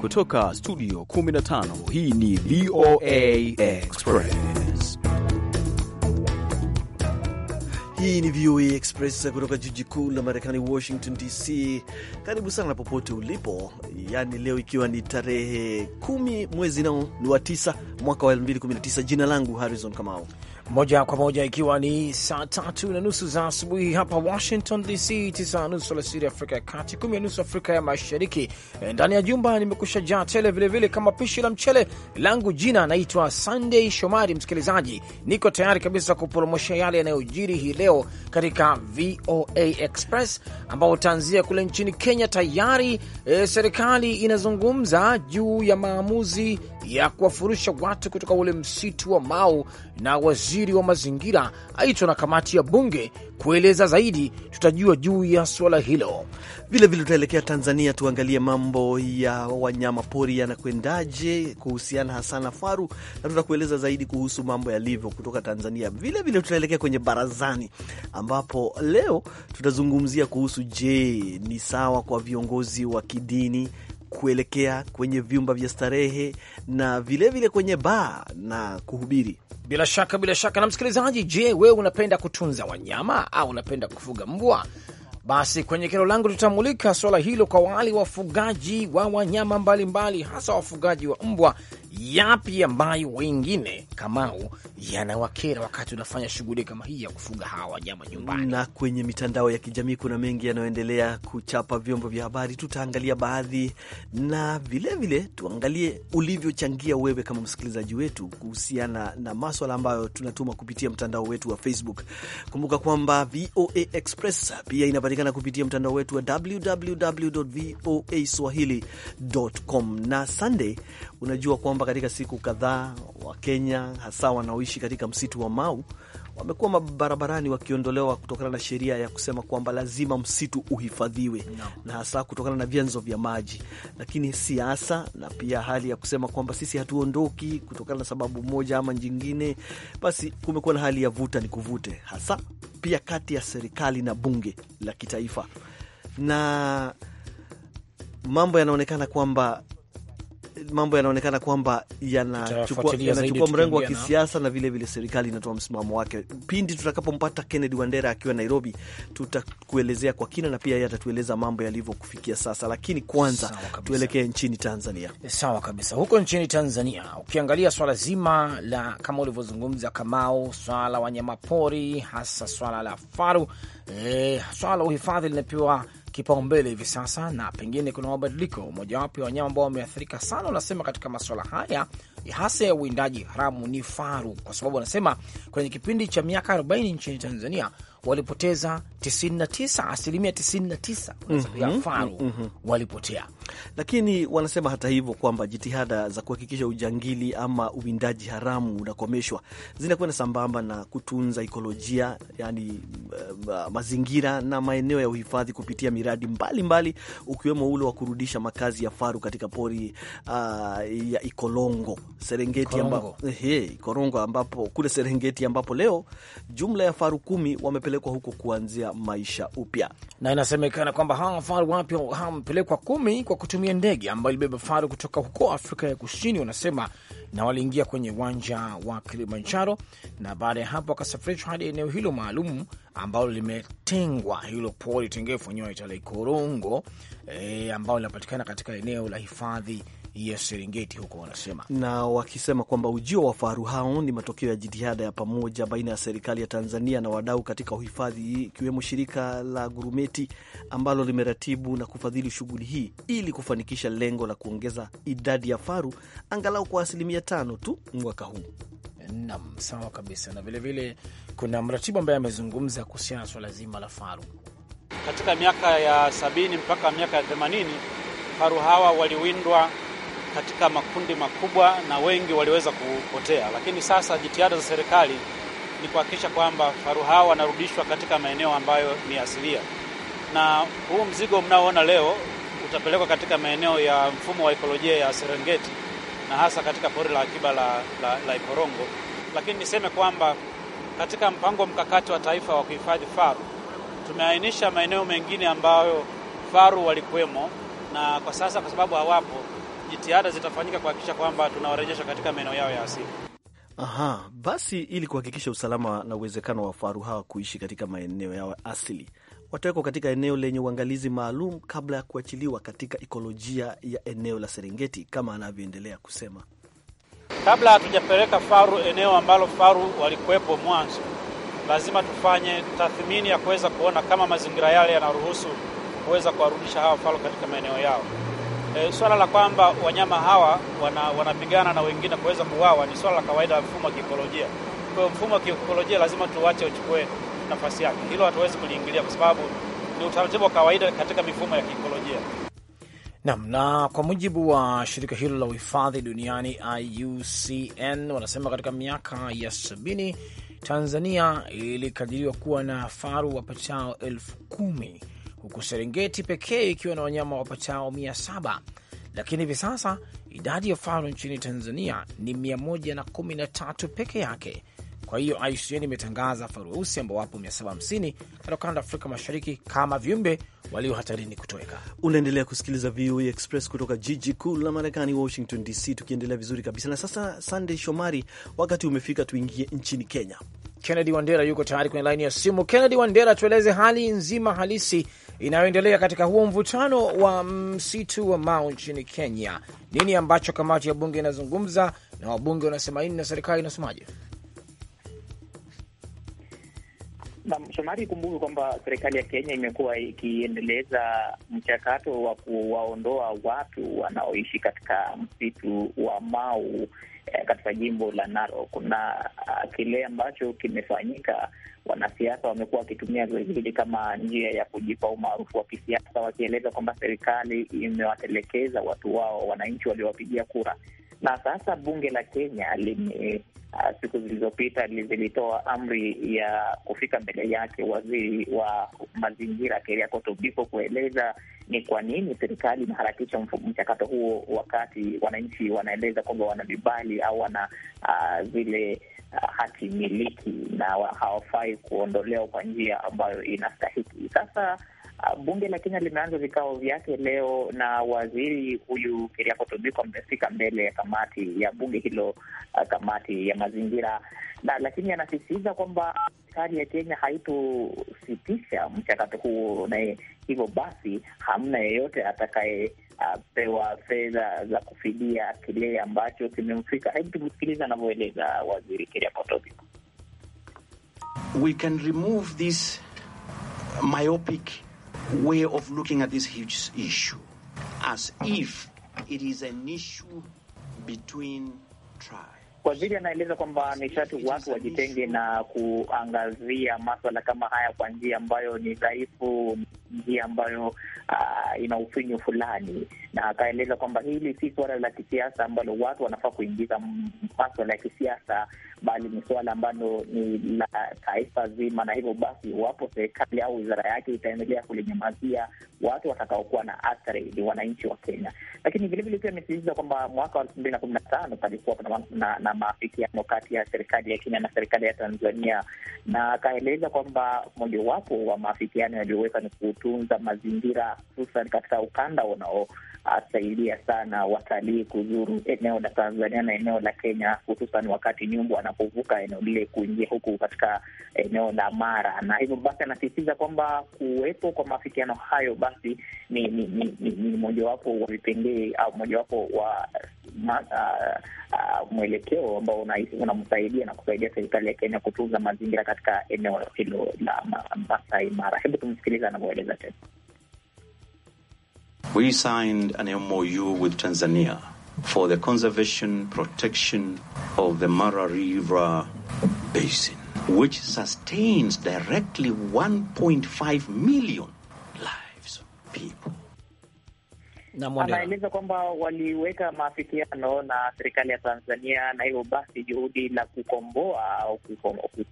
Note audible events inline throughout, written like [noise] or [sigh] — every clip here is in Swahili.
Kutoka studio 15 hii ni VOA Express. Hii ni VOA Express kutoka jiji kuu la Marekani, Washington DC. Karibu sana popote ulipo, yaani leo ikiwa ni tarehe kumi mwezi nao ni wa tisa mwaka wa 2019. Jina langu Harrison Kamau moja kwa moja ikiwa ni saa tatu na nusu za asubuhi hapa Washington DC, tisa na nusu alasiri Afrika ya Kati, kumi na nusu Afrika ya Mashariki. Eh, ndani ya jumba nimekusha jaa tele vilevile kama pishi la mchele langu. Jina naitwa Sunday Shomari. Msikilizaji, niko tayari kabisa kupromosha yale yanayojiri hii leo katika VOA Express, ambao utaanzia kule nchini Kenya. Tayari e, serikali inazungumza juu ya maamuzi ya kuwafurusha watu kutoka ule msitu wa Mau na waziri waziri wa mazingira aitwa na kamati ya bunge kueleza zaidi, tutajua juu ya suala hilo. Vilevile tutaelekea Tanzania, tuangalie mambo ya wanyama pori yanakwendaje kuhusiana hasa na faru, na tutakueleza zaidi kuhusu mambo yalivyo kutoka Tanzania. Vilevile tutaelekea kwenye barazani, ambapo leo tutazungumzia kuhusu, je, ni sawa kwa viongozi wa kidini kuelekea kwenye vyumba vya starehe na vilevile vile kwenye baa na kuhubiri. Bila shaka, bila shaka. Na msikilizaji, je, wewe unapenda kutunza wanyama au unapenda kufuga mbwa? Basi kwenye kero langu tutamulika swala hilo kwa wale wafugaji wa wanyama mbalimbali, hasa wafugaji wa mbwa yapi ambayo wengine Kamau yanawakera wakati unafanya shughuli kama hii ya kufuga hawa wanyama nyumbani? Na kwenye mitandao ya kijamii kuna mengi yanayoendelea kuchapa vyombo vya habari. Tutaangalia baadhi na vilevile vile, tuangalie ulivyochangia wewe kama msikilizaji wetu kuhusiana na maswala ambayo tunatuma kupitia mtandao wetu wa Facebook. Kumbuka kwamba VOA Express pia inapatikana kupitia mtandao wetu wa www.voaswahili.com na Sunday, unajua kwamba katika siku kadhaa, Wakenya hasa wanaoishi katika msitu wa Mau wamekuwa mabarabarani wakiondolewa kutokana na sheria ya kusema kwamba lazima msitu uhifadhiwe no. na hasa kutokana na vyanzo vya maji, lakini siasa na pia hali ya kusema kwamba sisi hatuondoki kutokana na sababu moja ama nyingine, basi kumekuwa na hali ya vuta ni kuvute, hasa pia kati ya serikali na bunge la kitaifa na mambo yanaonekana kwamba mambo yanaonekana kwamba yanachukua mrengo wa kisiasa na, na vilevile serikali inatoa msimamo wake. Pindi tutakapompata Kennedy Wandera akiwa Nairobi, tutakuelezea kwa kina na pia yeye atatueleza mambo yalivyokufikia sasa, lakini kwanza tuelekee nchini Tanzania. Eh, sawa kabisa. Huko nchini Tanzania, ukiangalia swala zima la kama ulivyozungumza Kamau, swala la wanyamapori hasa swala la faru e, swala la uhifadhi linapewa kipaumbele hivi sasa, na pengine kuna mabadiliko. Mojawapo ya wanyama ambao wameathirika sana, wanasema katika masuala haya hasa ya uwindaji haramu ni faru, kwa sababu wanasema kwenye kipindi cha miaka 40 nchini Tanzania walipoteza 99 asilimia 99 ya mhm, faru mm -hmm. walipotea lakini wanasema hata hivyo kwamba jitihada za kuhakikisha ujangili ama uwindaji haramu unakomeshwa zinakwenda sambamba na kutunza ikolojia, yani uh, mazingira na maeneo ya uhifadhi kupitia miradi mbalimbali ukiwemo ule wa kurudisha makazi ya faru katika pori uh, ya Ikolongo Serengeti, ambapo he, Ikorongo ambapo kule Serengeti ambapo leo jumla ya faru kumi wamepelekwa huko kuanzia maisha upya, na inasemekana kwamba hawa faru wapya wamepelekwa kumi kwa kutumia ndege ambayo ilibeba faru kutoka huko Afrika ya Kusini, wanasema na waliingia kwenye uwanja wa Kilimanjaro, na baada ya hapo wakasafirishwa hadi eneo hilo maalum ambalo limetengwa, hilo pori tengefu wenyewe wanaita e, eh, ambao linapatikana katika eneo la hifadhi ya Serengeti huko wanasema, na wakisema kwamba ujio wa faru hao ni matokeo ya jitihada ya pamoja baina ya serikali ya Tanzania na wadau katika uhifadhi hii ikiwemo shirika la Gurumeti ambalo limeratibu na kufadhili shughuli hii ili kufanikisha lengo la kuongeza idadi ya faru angalau kwa asilimia tano tu mwaka huu. Nam, sawa kabisa. Na vilevile kuna mratibu ambaye amezungumza kuhusiana na swala zima la faru katika miaka ya sabini mpaka miaka ya themanini faru hawa waliwindwa katika makundi makubwa na wengi waliweza kupotea, lakini sasa jitihada za serikali ni kuhakikisha kwamba faru hao wanarudishwa katika maeneo ambayo ni asilia, na huu mzigo mnaoona leo utapelekwa katika maeneo ya mfumo wa ekolojia ya Serengeti na hasa katika pori la akiba la, la, la Ikorongo. Lakini niseme kwamba katika mpango mkakati wa taifa wa kuhifadhi faru tumeainisha maeneo mengine ambayo faru walikuwemo, na kwa sasa kwa sababu hawapo jitihada zitafanyika kuhakikisha kwamba tunawarejesha katika maeneo yao ya asili. Aha, basi ili kuhakikisha usalama na uwezekano wa faru hawa kuishi katika maeneo yao asili, watawekwa katika eneo lenye uangalizi maalum kabla ya kuachiliwa katika ikolojia ya eneo la Serengeti, kama anavyoendelea kusema. Kabla hatujapeleka faru eneo ambalo faru walikuwepo mwanzo, lazima tufanye tathmini ya kuweza kuona kama mazingira yale yanaruhusu kuweza kuwarudisha hawa faru katika maeneo yao. E, swala la kwamba wanyama hawa wanapigana wana na wengine kuweza kuwawa ni swala la kawaida ya mfumo wa kiikolojia. Kwa hiyo mfumo wa kiikolojia lazima tuwache uchukue nafasi yake, hilo hatuwezi kuliingilia kwa sababu ni utaratibu wa kawaida katika mifumo ya kiikolojia. Nam na kwa mujibu wa shirika hilo la uhifadhi duniani IUCN, wanasema katika miaka ya sabini Tanzania ilikadiriwa kuwa na faru wapatao elfu kumi huku Serengeti pekee ikiwa na wanyama wapatao mia saba lakini hivi sasa idadi ya faru nchini Tanzania ni 113 peke yake. Kwa hiyo IUCN imetangaza faru weusi ambao wapo 750 katika ukanda Afrika Mashariki kama viumbe walio hatarini kutoweka. Unaendelea kusikiliza VOA e Express kutoka jiji kuu la Marekani, Washington DC, tukiendelea vizuri kabisa na sasa. Sandey Shomari, wakati umefika tuingie nchini Kenya. Kennedy Wandera yuko tayari kwenye laini ya simu. Kennedy Wandera, tueleze hali nzima halisi inayoendelea katika huo mvutano wa msitu wa Mau nchini Kenya. Nini ambacho kamati ya bunge inazungumza na wabunge wanasema nini na serikali inasemaje? Shomari, kumbuke kwamba serikali ya Kenya imekuwa ikiendeleza mchakato wa kuwaondoa watu wanaoishi katika msitu wa Mau eh, katika jimbo la Narok na ah, kile ambacho kimefanyika Wanasiasa wamekuwa wakitumia zoezi hili kama njia ya kujipa umaarufu wa kisiasa, wakieleza kwamba serikali imewatelekeza watu wao, wananchi waliowapigia kura. Na sasa bunge la Kenya lime uh, siku zilizopita zilitoa amri ya kufika mbele yake waziri wa mazingira Keriako Tobiko kueleza ni kwa nini serikali inaharakisha mchakato huo, wakati wananchi wanaeleza kwamba wana vibali au wana uh, zile hatimiliki na hawafai kuondolewa kwa njia ambayo inastahiki. Sasa uh, bunge la Kenya limeanza vikao vyake leo, na waziri huyu Keriako Tobiko amefika mbele ya kamati ya bunge hilo, uh, kamati ya mazingira na, lakini anasisitiza kwamba serikali ya Kenya haitositisha mchakato huo, na hivyo basi hamna yeyote atakaye apewa fedha za kufidia kile ambacho kimemfika. Hebu tumsikiliza anavyoeleza Waziri Kiria Potosi. We can remove this myopic way of looking at this huge issue as if it is an issue between tribes. Waziri anaeleza kwamba ni watu wajitenge na kuangazia maswala kama haya kwa njia ambayo ni dhaifu, njia ambayo uh, ina ufinyu fulani, na akaeleza kwamba hili si suala la kisiasa ambalo watu wanafaa kuingiza maswala ya kisiasa bali ni suala ambalo ni la taifa zima, na hivyo basi, iwapo serikali au wizara yake itaendelea kulinyamazia, watu watakaokuwa na athari ni wananchi wa Kenya. Lakini vilevile pia amesisitiza kwamba mwaka wa elfu mbili na kumi na tano palikuwa na, na, na maafikiano kati ya serikali ya Kenya na serikali ya Tanzania, na akaeleza kwamba mojawapo wa maafikiano yaliyoweka ni kutunza mazingira hususan katika ukanda unao asaidia sana watalii kuzuru eneo la Tanzania na eneo la Kenya, hususan wakati nyumbu anapovuka eneo lile kuingia huku katika eneo la Mara, na hivyo basi anasisitiza kwamba kuwepo kwa mafikiano hayo basi ni, ni, ni, ni, ni mojawapo wa vipengee au mojawapo wa ma, uh, uh, mwelekeo ambao unamsaidia una na kusaidia serikali ya Kenya kutunza mazingira katika eneo hilo la Masai Mara. Hebu tumsikiliza anavyoeleza tena. We signed an MOU with Tanzania for the conservation protection of the Mara River basin which sustains directly 1.5 million lives of people. Anaeleza kwamba waliweka maafikiano na serikali ya Tanzania na hivyo basi juhudi la kukomboa au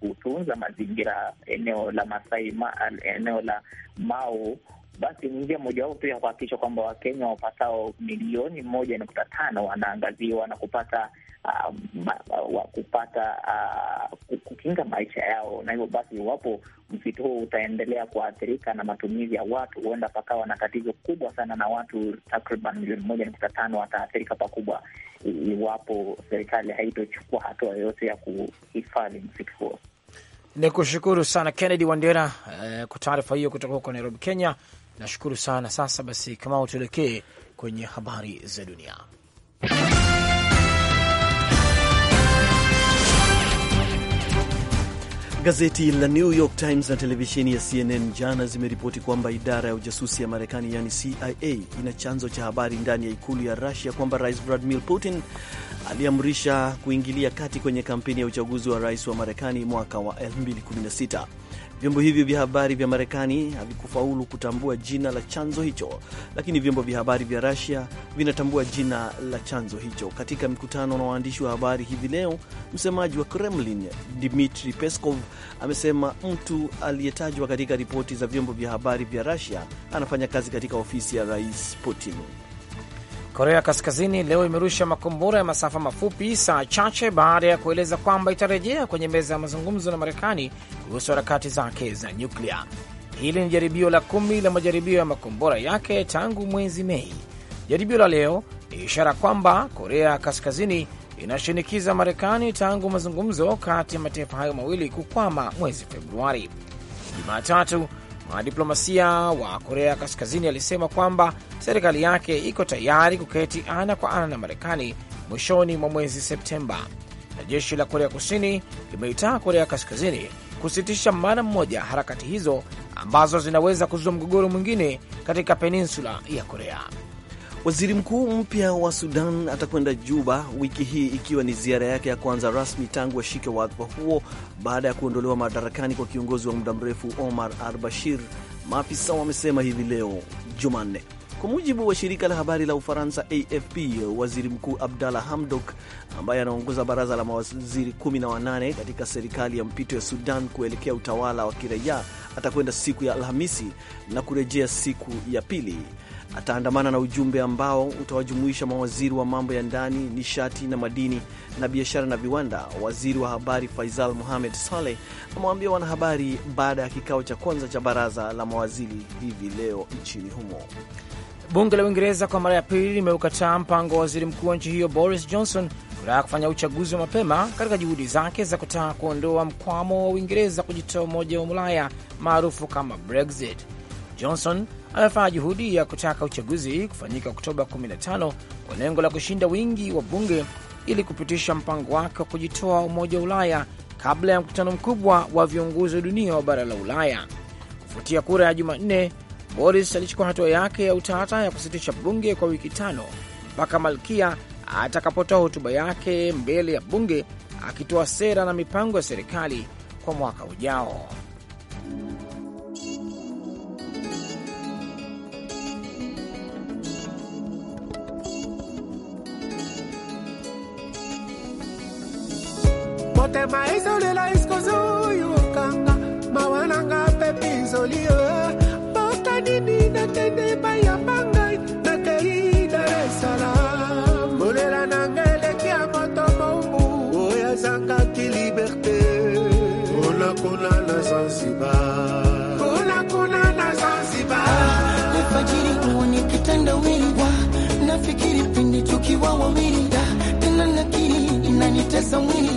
kutunza mazingira eneo la Masai ma, eneo la Mau basi ni njia mojawapo ya kuhakikisha kwamba Wakenya wapatao milioni moja nukta tano wanaangaziwa na kupata uh, wa kupata uh, kukinga maisha yao, na hivyo basi, iwapo msitu huo utaendelea kuathirika na matumizi ya watu, huenda pakawa na tatizo kubwa sana, na watu takriban milioni moja nukta tano wataathirika pakubwa iwapo serikali haitochukua hatua yoyote ya kuhifadhi msitu huo. Ni kushukuru sana Kennedy Wandera eh, kwa taarifa hiyo kutoka huko Nairobi, Kenya. Nashukuru sana. Sasa basi, kama tuelekee kwenye habari za dunia. Gazeti la New York Times na televisheni ya CNN jana zimeripoti kwamba idara ya ujasusi ya Marekani yani CIA ina chanzo cha habari ndani ya ikulu ya Rusia kwamba Rais Vladimir Putin aliamrisha kuingilia kati kwenye kampeni ya uchaguzi wa rais wa Marekani mwaka wa 2016. Vyombo hivyo vya habari vya Marekani havikufaulu kutambua jina la chanzo hicho, lakini vyombo vya habari vya Rusia vinatambua jina la chanzo hicho. Katika mkutano na waandishi wa habari hivi leo, msemaji wa Kremlin Dmitri Peskov amesema mtu aliyetajwa katika ripoti za vyombo vya habari vya Rusia anafanya kazi katika ofisi ya Rais Putin. Korea Kaskazini leo imerusha makombora ya masafa mafupi saa chache baada ya kueleza kwamba itarejea kwenye meza ya mazungumzo na Marekani kuhusu harakati zake za nyuklia. Hili ni jaribio la kumi la majaribio ya makombora yake tangu mwezi Mei. Jaribio la leo ni ishara kwamba Korea Kaskazini inashinikiza Marekani tangu mazungumzo kati ya mataifa hayo mawili kukwama mwezi Februari. Jumatatu Mwanadiplomasia wa Korea Kaskazini alisema kwamba serikali yake iko tayari kuketi ana kwa ana na Marekani mwishoni mwa mwezi Septemba, na jeshi la Korea Kusini limeitaka Korea Kaskazini kusitisha mara mmoja harakati hizo ambazo zinaweza kuzua mgogoro mwingine katika peninsula ya Korea. Waziri mkuu mpya wa Sudan atakwenda Juba wiki hii ikiwa ni ziara yake ya kwanza rasmi tangu ashike wadhifa huo baada ya kuondolewa madarakani kwa kiongozi wa muda mrefu Omar al-Bashir, maafisa wamesema hivi leo Jumanne. Kwa mujibu wa shirika la habari la Ufaransa AFP, waziri mkuu Abdalla Hamdok ambaye anaongoza baraza la mawaziri 18 katika serikali ya mpito ya Sudan kuelekea utawala wa kiraia atakwenda siku ya Alhamisi na kurejea siku ya pili ataandamana na ujumbe ambao utawajumuisha mawaziri wa mambo ya ndani, nishati na madini na biashara na viwanda. Waziri wa habari Faisal Mohamed Saleh amewaambia wanahabari baada ya kikao cha kwanza cha baraza la mawaziri hivi leo nchini humo. Bunge la Uingereza kwa mara ya pili limeukataa mpango wa waziri mkuu wa nchi hiyo Boris Johnson kutaka kufanya uchaguzi wa mapema katika juhudi zake za kutaka kuondoa mkwamo wa Uingereza kujitoa Umoja wa Ulaya maarufu kama Brexit. Johnson anafanya juhudi ya kutaka uchaguzi kufanyika Oktoba 15 kwa lengo la kushinda wingi wa bunge ili kupitisha mpango wake wa kujitoa Umoja wa Ulaya kabla ya mkutano mkubwa wa viongozi wa dunia wa bara la Ulaya. Kufuatia kura ya Jumanne, Boris alichukua hatua yake ya utata ya kusitisha bunge kwa wiki tano mpaka Malkia atakapotoa hotuba yake mbele ya bunge akitoa sera na mipango ya serikali kwa mwaka ujao. motema ezolela eskozo oyo okanga mawa na nga mpe pinzoli mboka nini nakende bayamba ngai nakei dar esalam kolela na nga eleki ya moto momu oyo azangaki liberte konakona na zanzibar konakona na zanzibar alfajiri uone kitandawili nafikiri pindi tukiwa wawili da tena nakiri inanitesa mwili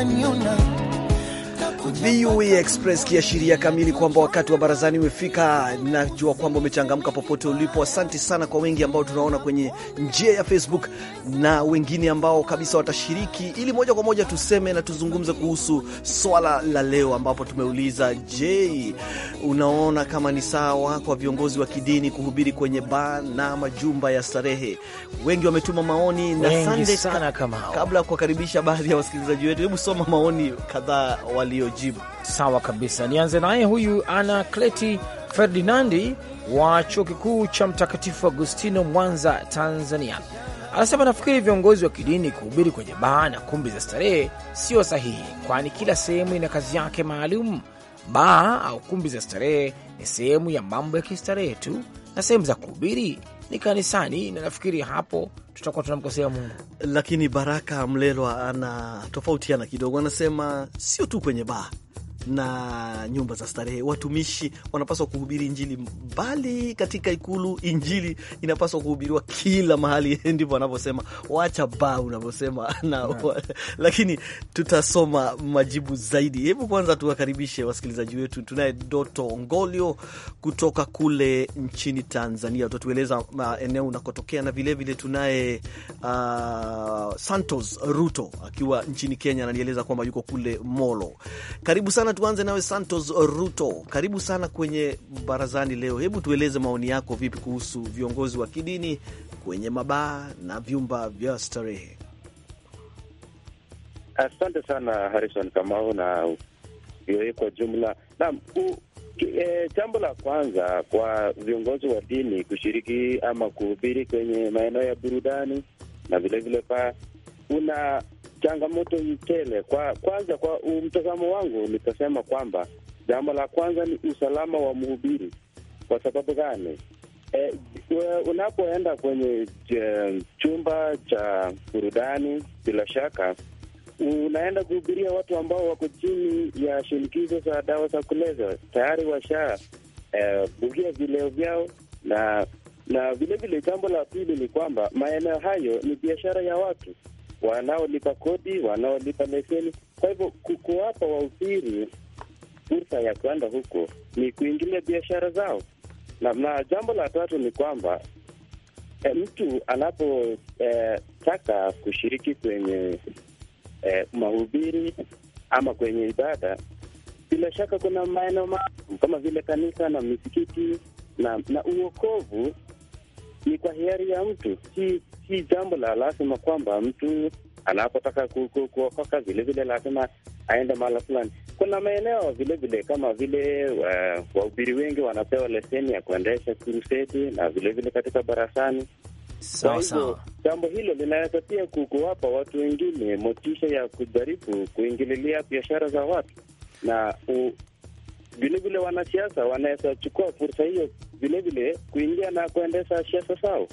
and know. VOA Express, kiashiria kamili kwamba wakati wa barazani umefika. Najua kwamba umechangamka popote ulipo. Asante sana kwa wengi ambao tunaona kwenye njia ya Facebook na wengine ambao kabisa watashiriki, ili moja kwa moja tuseme na tuzungumze kuhusu swala la leo, ambapo tumeuliza je, unaona kama ni sawa kwa viongozi wa kidini kuhubiri kwenye baa na majumba ya starehe? Wengi wametuma maoni na sande sana. Kabla ya kuwakaribisha baadhi ya wasikilizaji wetu, hebu soma maoni kadhaa walio kujibu. Sawa kabisa, nianze naye huyu ana Kleti Ferdinandi wa chuo kikuu cha Mtakatifu Agustino, Mwanza, Tanzania, anasema nafikiri viongozi wa kidini kuhubiri kwenye baa na kumbi za starehe sio sahihi, kwani kila sehemu ina kazi yake maalum. Baa au kumbi za starehe ni sehemu ya mambo ya kistarehe tu, na sehemu za kuhubiri ni kanisani, na nafikiri hapo tutakuwa tunamkosea Mungu. Lakini Baraka Mlelwa anatofautiana kidogo, anasema sio tu kwenye baa na nyumba za starehe. Watumishi wanapaswa kuhubiri Injili mbali katika Ikulu. Injili inapaswa kuhubiriwa kila mahali, [laughs] ndivyo wanavyosema, wacha ba unavyosema [laughs] na lakini tutasoma majibu zaidi. Hebu kwanza tuwakaribishe wasikilizaji wetu. Tunaye Doto Ngolio kutoka kule nchini Tanzania, utatueleza eneo unakotokea, na vilevile tunaye uh, Santos Ruto akiwa nchini Kenya, ananieleza kwamba yuko kule Molo. Karibu sana tuanze nawe Santos Ruto, karibu sana kwenye barazani leo. Hebu tueleze maoni yako vipi kuhusu viongozi wa kidini kwenye mabaa na vyumba vya starehe? Asante sana Harrison Kamau na vioe kwa jumla. Naam, eh, jambo e, la kwanza kwa viongozi wa dini kushiriki ama kuhubiri kwenye maeneo ya burudani na vilevile pa kuna changamoto ni tele. Kwa kwanza, kwa mtazamo wangu nitasema kwamba jambo la kwanza ni usalama wa mhubiri. Kwa sababu gani? E, unapoenda kwenye e, chumba cha burudani, bila shaka unaenda kuhubiria watu ambao wako chini ya shinikizo za dawa za kulevya, tayari washa e, bugia vileo vyao na na vilevile, jambo la pili ni kwamba maeneo hayo ni biashara ya watu wanaolipa kodi, wanaolipa leseni. Kwa hivyo kuwapa wahubiri fursa ya kwenda huko ni kuingilia biashara zao. Na, na jambo la tatu ni kwamba e, mtu anapotaka eh, e, kushiriki kwenye e, mahubiri ama kwenye ibada, bila shaka kuna maeneo maalum kama vile kanisa na misikiti na, na uokovu ni kwa hiari ya mtu, si si jambo la lazima kwamba mtu anapotaka kuokoka vilevile lazima aende mahala fulani. Kuna maeneo vilevile kama vile uh, wahubiri wengi wanapewa leseni ya kuendesha kruseti na vilevile katika barasani. Kwa hivyo jambo hilo linaweza pia kuwapa watu wengine motisha ya kujaribu kuingililia biashara za watu, na vilevile wanasiasa wanaweza chukua fursa hiyo vilevile kuingia na kuendesha siasa zao.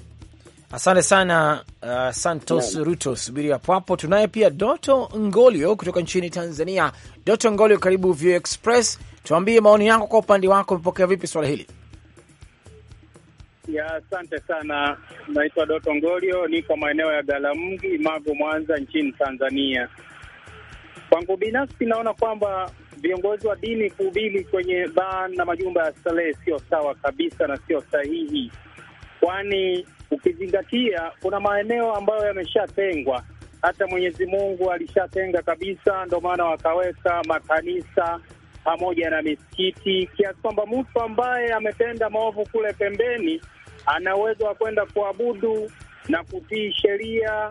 Asante sana uh, Santos Ruto, subiri hapo hapo. Tunaye pia Doto Ngolio kutoka nchini Tanzania. Doto Ngolio, karibu View Express, tuambie maoni yako kwa upande wako, umepokea vipi swala hili? ya asante sana. Naitwa Doto Ngolio, niko maeneo ya Galamgi, Mavu, Mwanza nchini Tanzania. Kwangu binafsi, naona kwamba viongozi wa dini kuhubiri kwenye baa na majumba ya starehe sio sawa kabisa na sio sahihi kwani ukizingatia kuna maeneo ambayo yameshatengwa, hata Mwenyezi Mungu alishatenga kabisa, ndo maana wakaweka makanisa pamoja na misikiti, kiasi kwamba mtu ambaye ametenda maovu kule pembeni ana uwezo wa kwenda kuabudu na kutii sheria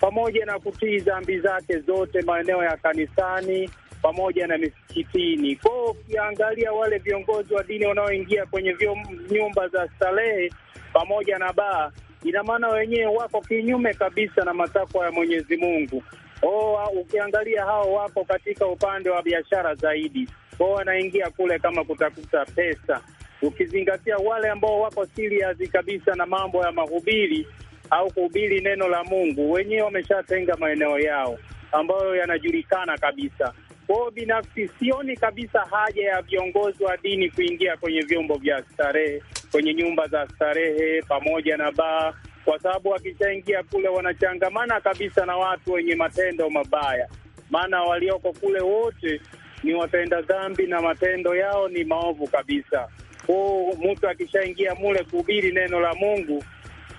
pamoja na kutii dhambi zake zote maeneo ya kanisani pamoja na misikitini. Kwa ukiangalia wale viongozi wa dini wanaoingia kwenye vyom, nyumba za starehe pamoja na baa, ina maana wenyewe wako kinyume kabisa na matakwa ya Mwenyezi Mungu. Oh, ukiangalia hao wako katika upande wa biashara zaidi, kwao wanaingia kule kama kutafuta pesa, ukizingatia wale ambao wako serious kabisa na mambo ya mahubiri au kuhubiri neno la Mungu, wenyewe wameshatenga maeneo yao ambayo yanajulikana kabisa. Kwao binafsi, sioni kabisa haja ya viongozi wa dini kuingia kwenye vyombo vya starehe, kwenye nyumba za starehe pamoja na baa, kwa sababu wakishaingia kule wanachangamana kabisa na watu wenye matendo mabaya, maana walioko kule wote ni watenda dhambi na matendo yao ni maovu kabisa. Kwao mtu akishaingia mule kuhubiri neno la Mungu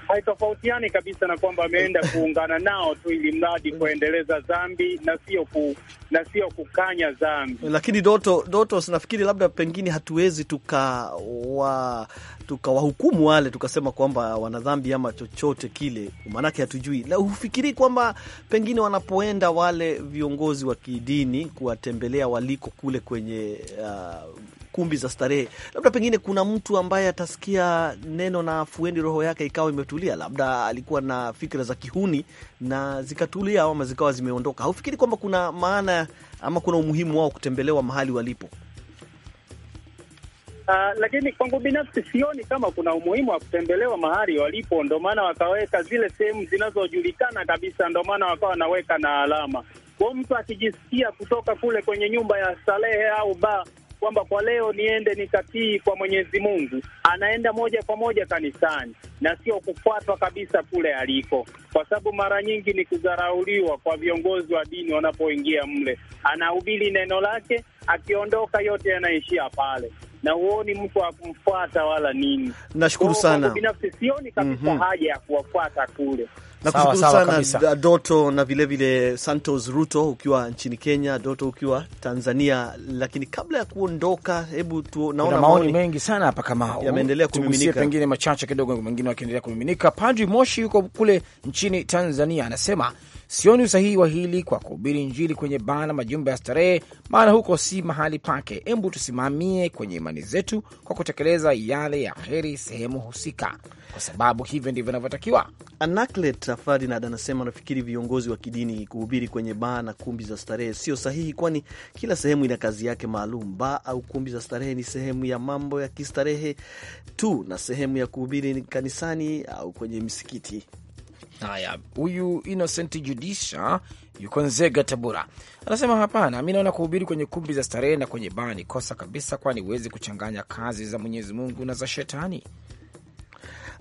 haitofautiani kabisa na kwamba ameenda kuungana nao tu ili mradi kuendeleza dhambi na sio ku, na sio kukanya dhambi. Lakini Doto, Doto, sinafikiri labda pengine hatuwezi tukawa tukawahukumu wale tukasema kwamba wana dhambi ama chochote kile, maanake hatujui. Na hufikirii kwamba pengine wanapoenda wale viongozi wa kidini kuwatembelea waliko kule kwenye uh, kumbi za starehe, labda pengine kuna mtu ambaye atasikia neno na afueni, roho yake ikawa imetulia, labda alikuwa na fikra za kihuni na zikatulia ama zikawa zimeondoka. Haufikiri kwamba kuna maana ama kuna umuhimu wao kutembelewa mahali walipo? Uh, lakini kwangu binafsi sioni kama kuna umuhimu wa kutembelewa mahali walipo. Ndo maana wakaweka zile sehemu zinazojulikana kabisa, ndo maana wakawa wanaweka na alama kwa mtu akijisikia kutoka kule kwenye nyumba ya starehe au ba kwamba kwa leo niende nikatii kwa Mwenyezi Mungu, anaenda moja kwa moja kanisani na sio kufuatwa kabisa kule aliko, kwa sababu mara nyingi ni kudharauliwa kwa viongozi wa dini wanapoingia mle. Anahubiri neno lake, akiondoka yote yanaishia pale na uoni mtu akumfuata wala nini. Nashukuru sana binafsi, sioni kabisa mm -hmm. haja ya kuwafuata kule. Nakushukuru sana kabisa. Doto na vilevile vile Santos Ruto ukiwa nchini Kenya, Doto ukiwa Tanzania. Lakini kabla ya kuondoka, hebu tunaona maoni mengi sana hapa kama yameendelea kumiminika, pengine machache kidogo, mengine wakiendelea kumiminika. Padri Moshi yuko kule nchini Tanzania anasema Sioni usahihi wa hili kwa kuhubiri Injili kwenye baa na majumba ya starehe, maana huko si mahali pake. Hebu tusimamie kwenye imani zetu kwa kutekeleza yale ya heri sehemu husika, kwa sababu hivyo ndivyo inavyotakiwa. Anaklet Safarinad anasema anafikiri viongozi wa kidini kuhubiri kwenye baa na kumbi za starehe sio sahihi, kwani kila sehemu ina kazi yake maalum. Baa au kumbi za starehe ni sehemu ya mambo ya kistarehe tu, na sehemu ya kuhubiri ni kanisani au kwenye misikiti. Haya, huyu Innocent Judisha yuko Nzega, Tabora, anasema hapana, mi naona kuhubiri kwenye kumbi za starehe na kwenye baa ni kosa kabisa, kwani huwezi kuchanganya kazi za Mwenyezi Mungu na za Shetani.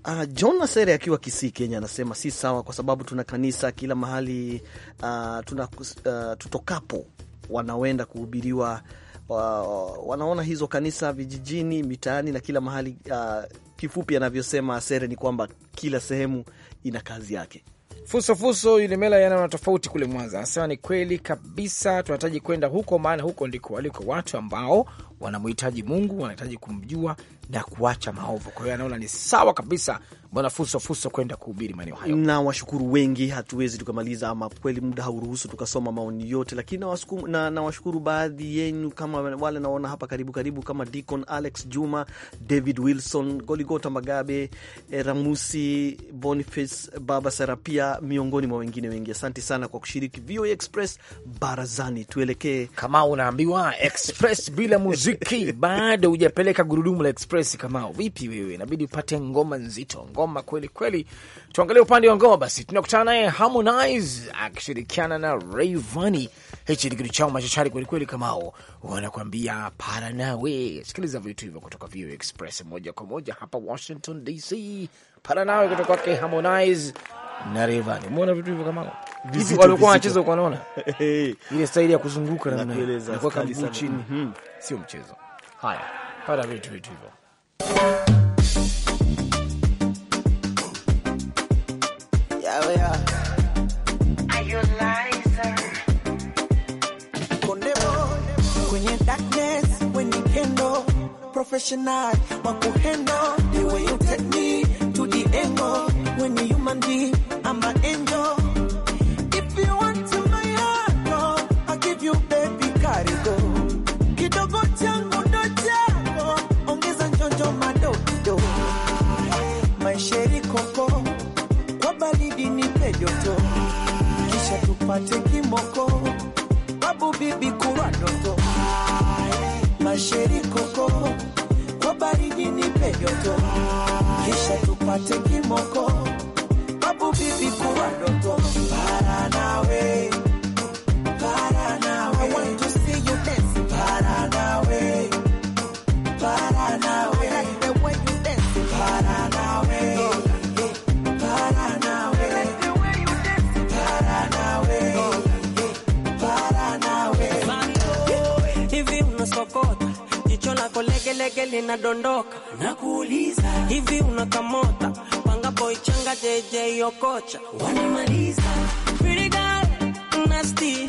Uh, John Nasere akiwa Kisii, Kenya anasema si sawa, kwa sababu tuna kanisa kila mahali uh, tuna, uh, tutokapo wanaenda kuhubiriwa uh, wanaona hizo kanisa vijijini, mitaani na kila mahali uh, kifupi anavyosema Asere ni kwamba kila sehemu ina kazi yake. Fusofuso ilimela yana tofauti kule Mwanza anasema ni kweli kabisa, tunahitaji kwenda huko, maana huko ndiko waliko watu ambao wanamhitaji Mungu, wanahitaji kumjua na kuacha maovu. Kwa hiyo anaona ni sawa kabisa bwana Fuso Fuso kwenda kuhubiri maeneo hayo, na washukuru wengi. Hatuwezi tukamaliza ama kweli, muda hauruhusu tukasoma maoni yote, lakini nawashukuru na, na baadhi yenyu kama wale naona hapa karibu karibu kama Deacon Alex Juma, David Wilson, Goligota Magabe, eh, Ramusi Boniface, Baba Serapia, miongoni mwa wengine wengi. Asante sana kwa kushiriki VOA Express barazani. Tuelekee kama unaambiwa Express bila muziki [laughs] bado hujapeleka gurudumu la Express Express. Kama vipi wewe, inabidi upate ngoma nzito, ngoma kweli kweli. Tuangalie upande wa ngoma basi, tunakutana naye Harmonize akishirikiana na Rayvanny. Hichi ni kitu chao machachari kweli kweli, Kamao wanakuambia para nawe. Sikiliza vitu hivyo kutoka VOA Express moja kwa moja hapa Washington DC. Para nawe kutoka kwake Harmonize na Rayvanny. Umeona vitu hivyo Kamao walikuwa wanacheza kwa naona ile staili ya kuzunguka na kuweka mguu chini, mhm. sio mchezo. Haya, para vitu vitu hivyo Wakuhendo, pate kimoko babu bibi kuwa ndoto masheri koko kwa baridi nipe joto kisha tupate kimoko babu bibi kuwa ndoto para hivi unasokota, jicho lako legelege linadondoka, nakuuliza hivi unakamota, panga boy changa JJ yokocha wanimaliza pretty girl nasty,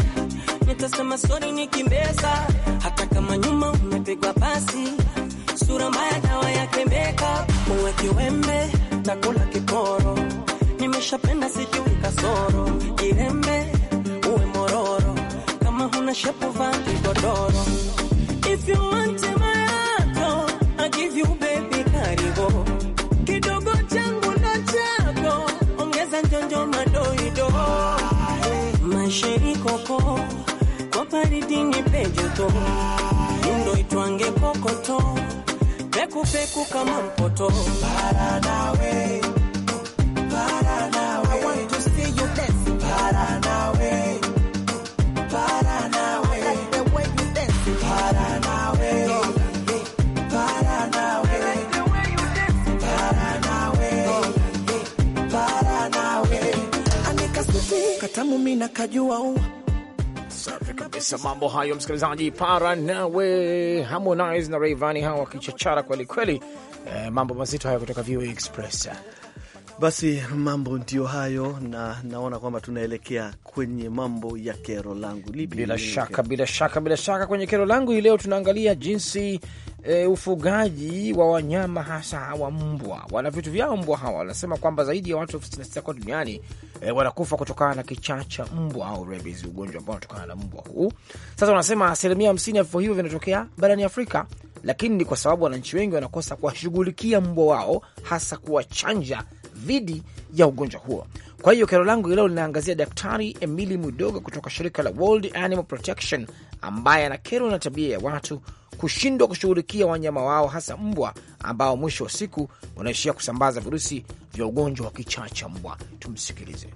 nitasema sorry nikimbeza, hata kama nyuma umepigwa pasi, sura mbaya dawa yake makeup, muwe kiwembe, kula kiporo, nimeshapenda sijui kasoro, kirembe shape of godoro. If Kidogo changu na chako, ongeza njonjo madoido. Masheri koko, kwa to. Ndo itwange kokoto, peku peku kama mpoto. Paradawe. mimi nakajua safi kabisa. Mambo hayo msikilizaji, para nawe Harmonize na Rayvanny hawa wakichachara kweli kweli. Eh, mambo mazito hayo kutoka VOA Express. Basi mambo ndio hayo, na naona kwamba tunaelekea kwenye mambo ya kero langu Bila shaka, bila shaka, bila shaka kwenye kero langu hii leo tunaangalia jinsi e, ufugaji wa wanyama hasa wa mbwa. Wana vitu vyao mbwa hawa, wanasema kwamba zaidi ya watu elfu sitini na sita kote duniani e, wanakufa kutokana na kichaa cha mbwa au rabies, ugonjwa ambao unatokana na mbwa huu. Sasa wanasema asilimia hamsini ya vifo hivyo vinatokea barani Afrika, lakini ni kwa sababu wananchi wengi wanakosa kuwashughulikia mbwa wao, hasa kuwachanja dhidi ya ugonjwa huo. Kwa hiyo kero langu hilo linaangazia Daktari Emili Mudogo kutoka shirika la World Animal Protection ambaye ana kero na tabia ya watu kushindwa kushughulikia wanyama wao, hasa mbwa ambao mwisho wa siku wanaishia kusambaza virusi vya ugonjwa wa kichaa cha mbwa. Tumsikilize.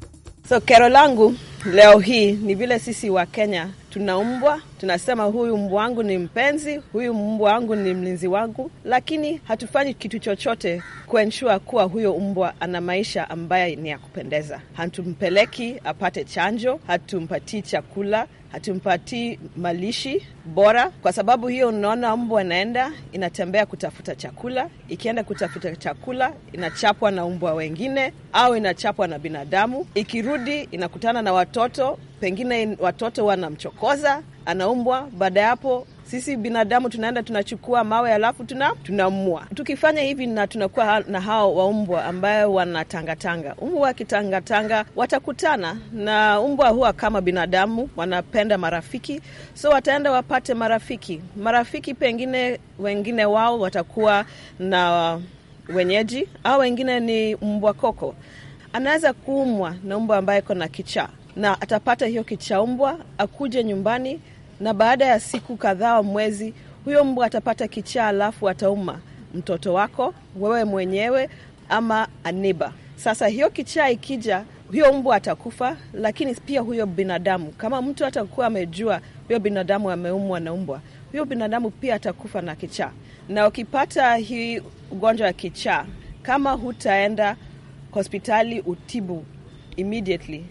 So kero langu leo hii ni vile sisi wa Kenya tuna mbwa, tunasema huyu mbwa wangu ni mpenzi, huyu mbwa wangu ni mlinzi wangu, lakini hatufanyi kitu chochote kuenshua kuwa huyo mbwa ana maisha ambaye ni ya kupendeza. Hatumpeleki apate chanjo, hatumpatii chakula, hatumpatii malishi bora. Kwa sababu hiyo, unaona mbwa anaenda inatembea kutafuta chakula, ikienda kutafuta chakula inachapwa na mbwa wengine au inachapwa na binadamu, ikirudi inakutana na watoto, pengine watoto wanamchokoza, anaumbwa. Baada ya hapo sisi binadamu tunaenda tunachukua mawe alafu tuna tunamua. Tukifanya hivi na tunakuwa na hao waumbwa ambayo wanatangatanga. Umbwa wakitangatanga watakutana na umbwa, huwa kama binadamu, wanapenda marafiki, so wataenda wapate marafiki. Marafiki pengine wengine wao watakuwa na wenyeji au wengine ni mbwa koko. Anaweza kuumwa na umbwa ambaye iko na kichaa na atapata hiyo kichaumbwa, akuje nyumbani na baada ya siku kadhaa, mwezi, huyo mbwa atapata kichaa, alafu atauma mtoto wako, wewe mwenyewe ama aniba. Sasa hiyo kichaa ikija, huyo mbwa atakufa, lakini pia huyo binadamu. Kama mtu atakuwa amejua huyo binadamu ameumwa na mbwa, huyo binadamu pia atakufa na kichaa. Na ukipata hii ugonjwa wa kichaa, kama hutaenda hospitali utibu immediately,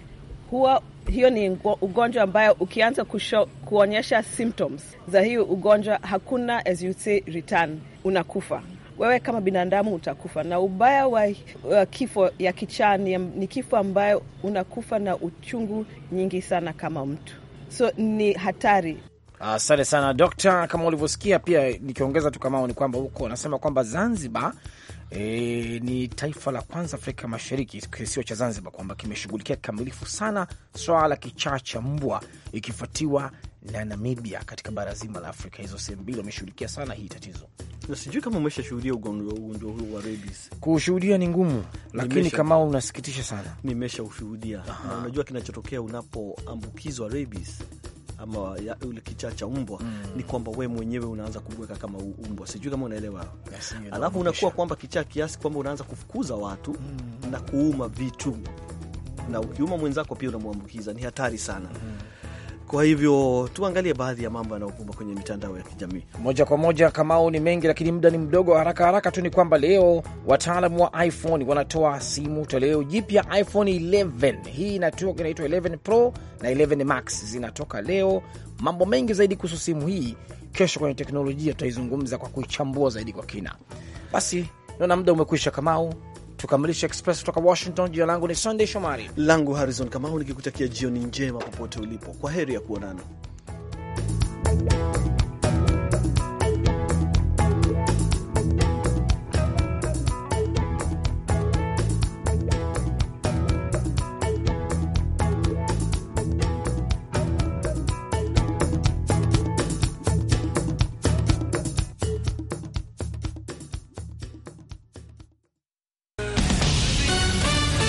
huwa hiyo ni ugonjwa ambayo ukianza kusho, kuonyesha symptoms za hiyo ugonjwa hakuna as you say return, unakufa wewe kama binadamu utakufa. Na ubaya wa, wa kifo ya kichaa ni, ni kifo ambayo unakufa na uchungu nyingi sana kama mtu, so ni hatari. Asante sana dokta. Kama ulivyosikia pia nikiongeza tu kamao, ni kwamba huko anasema kwamba Zanzibar e, ni taifa la kwanza Afrika Mashariki, kisiwa cha Zanzibar, kwamba kimeshughulikia kikamilifu sana swala la kichaa cha mbwa, ikifuatiwa na Namibia katika bara zima la Afrika. Hizo sehemu mbili wameshughulikia sana hii tatizo, sijui kama umeshashuhudia ugonjwa huu wa rabies. Kuushuhudia ni ngumu, lakini kama unasikitisha sana, nimeshaushuhudia na unajua kinachotokea unapoambukizwa rabies ama ya, ule kichaa cha mbwa mm. ni kwamba we mwenyewe unaanza kubweka kama umbwa, sijui kama unaelewa yes, alafu unakuwa kwamba kichaa kiasi kwamba unaanza kufukuza watu mm. na kuuma vitu, na ukiuma mwenzako pia unamwambukiza. Ni hatari sana mm. Kwa hivyo tuangalie baadhi ya mambo yanayokumba kwenye mitandao ya kijamii moja kwa moja. Kamao ni mengi, lakini muda ni mdogo. Haraka haraka tu ni kwamba leo wataalamu wa iPhone wanatoa simu toleo jipya iPhone 11. Hii inatoka inaitwa 11 Pro na 11 Max zinatoka leo. Mambo mengi zaidi kuhusu simu hii kesho kwenye teknolojia tutaizungumza kwa kuichambua zaidi kwa kina. Basi naona muda umekwisha, Kamau tukamilisha Express kutoka Washington. Jina langu ni Sunday Shomari, langu Harrison Kamau, nikikutakia jioni njema popote ulipo. Kwa heri ya kuonana.